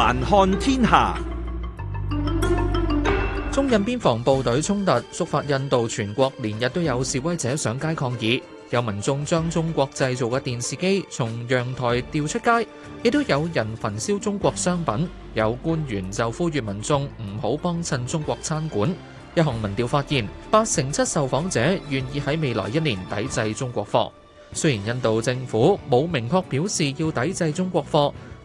環看天下，中印邊防部隊衝突觸發印度全國連日都有示威者上街抗議，有民眾將中國製造嘅電視機從陽台掉出街，亦都有人焚燒中國商品。有官員就呼籲民眾唔好幫襯中國餐館。一項民調發現，八成七受訪者願意喺未來一年抵制中國貨。雖然印度政府冇明確表示要抵制中國貨。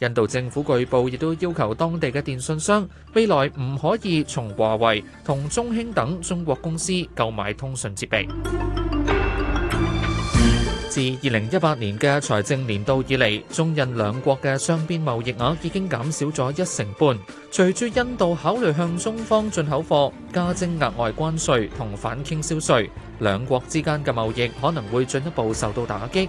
印度政府據報亦都要求當地嘅電信商未來唔可以從華為同中興等中國公司購買通訊設備。自二零一八年嘅財政年度以嚟，中印兩國嘅雙邊貿易額已經減少咗一成半。隨住印度考慮向中方進口貨，加徵額外關稅同反傾銷稅，兩國之間嘅貿易可能會進一步受到打擊。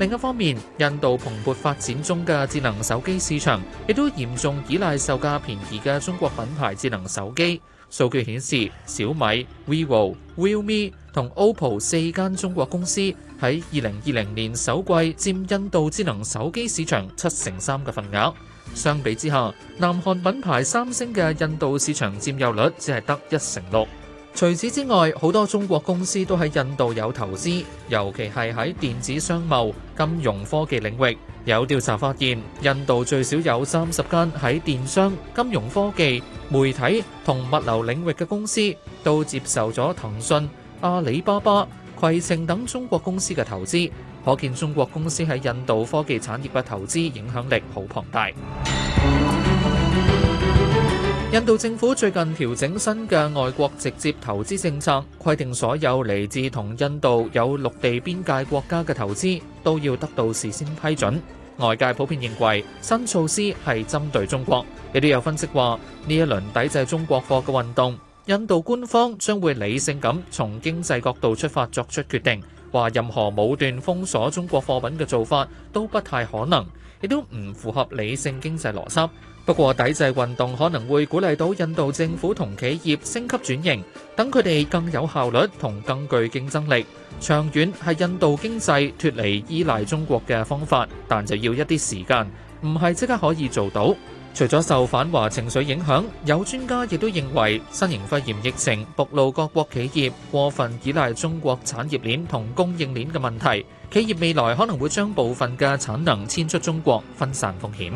另一方面，印度蓬勃發展中嘅智能手機市場亦都嚴重依賴售價便宜嘅中國品牌智能手機。數據顯示，小米、vivo、realme 同 OPPO 四間中國公司喺二零二零年首季佔印度智能手機市場七成三嘅份額。相比之下，南韓品牌三星嘅印度市場佔有率只係得一成六。除此之外，好多中國公司都喺印度有投資，尤其係喺電子商務、金融科技領域。有調查發現，印度最少有三十間喺電商、金融科技、媒體同物流領域嘅公司，都接受咗騰訊、阿里巴巴、攜程等中國公司嘅投資，可見中國公司喺印度科技產業嘅投資影響力好龐大。印度政府最近調整新嘅外國直接投資政策，規定所有嚟自同印度有陸地邊界國家嘅投資都要得到事先批准。外界普遍認為新措施係針對中國，亦都有分析話，呢一輪抵制中國貨嘅運動，印度官方將會理性咁從經濟角度出發作出決定，話任何武斷封鎖中國貨品嘅做法都不太可能。亦都唔符合理性經濟邏輯。不過抵制運動可能會鼓勵到印度政府同企業升級轉型，等佢哋更有效率同更具競爭力。長遠係印度經濟脫離依賴中國嘅方法，但就要一啲時間，唔係即刻可以做到。除咗受反華情緒影響，有專家亦都認為，新型肺炎疫情暴露各國企業過分依賴中國產業鏈同供應鏈嘅問題，企業未來可能會將部分嘅產能遷出中國，分散風險。